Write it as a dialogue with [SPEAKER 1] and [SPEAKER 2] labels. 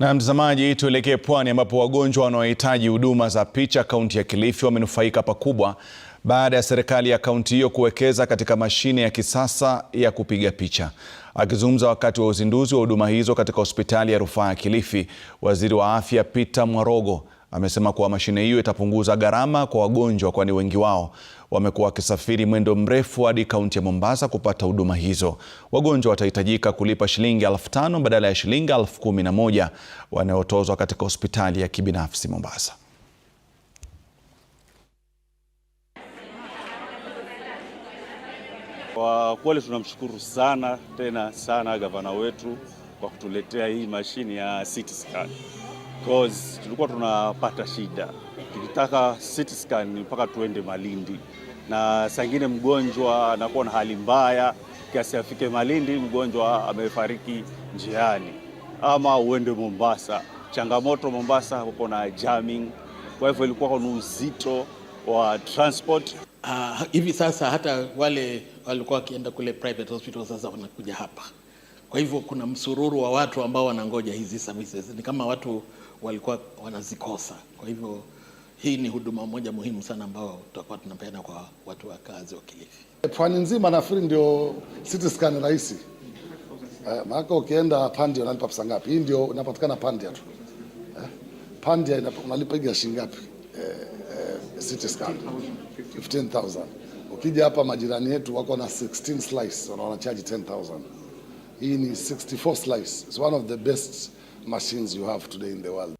[SPEAKER 1] Na mtazamaji, tuelekee pwani ambapo wagonjwa wanaohitaji huduma za picha kaunti ya Kilifi wamenufaika pakubwa baada ya serikali ya kaunti hiyo kuwekeza katika mashine ya kisasa ya kupiga picha. Akizungumza wakati wa uzinduzi wa huduma hizo katika hospitali ya rufaa ya Kilifi, waziri wa afya Peter Mwarogo amesema kuwa mashine hiyo itapunguza gharama kwa wagonjwa, kwani wengi wao wamekuwa wakisafiri mwendo mrefu hadi kaunti ya Mombasa kupata huduma hizo. Wagonjwa watahitajika kulipa shilingi elfu tano badala ya shilingi elfu kumi na moja wanayotozwa katika hospitali ya kibinafsi Mombasa.
[SPEAKER 2] Kwa kweli tunamshukuru sana tena sana gavana wetu kwa kutuletea hii mashine ya because tulikuwa tunapata shida tukitaka CT scan mpaka tuende Malindi, na sangine mgonjwa anakuwa na hali mbaya kiasi afike Malindi, mgonjwa amefariki njiani, ama uende Mombasa. Changamoto Mombasa huko na jamming, kwa hivyo ilikuwa ni uzito wa transport.
[SPEAKER 3] Uh, hivi sasa hata wale walikuwa wakienda kule private hospital sasa wanakuja hapa. Kwa hivyo kuna msururu wa watu ambao wanangoja hizi services, ni kama watu walikuwa wanazikosa. Kwa hivyo hii ni huduma moja muhimu sana ambao tutakuwa tunapeana kwa watu wa kazi wa Kilifi.
[SPEAKER 4] Pwani nzima nafikiri ndio city scan rahisi, eh, maana ukienda pandia unalipa pesa ngapi? Hii ndio unapatikana pandia tu. Eh, pandia unalipa shilingi ngapi? Eh, city scan 15000. Ukija hapa majirani yetu wako na 16 slice wanachaji 10000. Hii ni 64 slice. It's one of the best machines you have today in the world.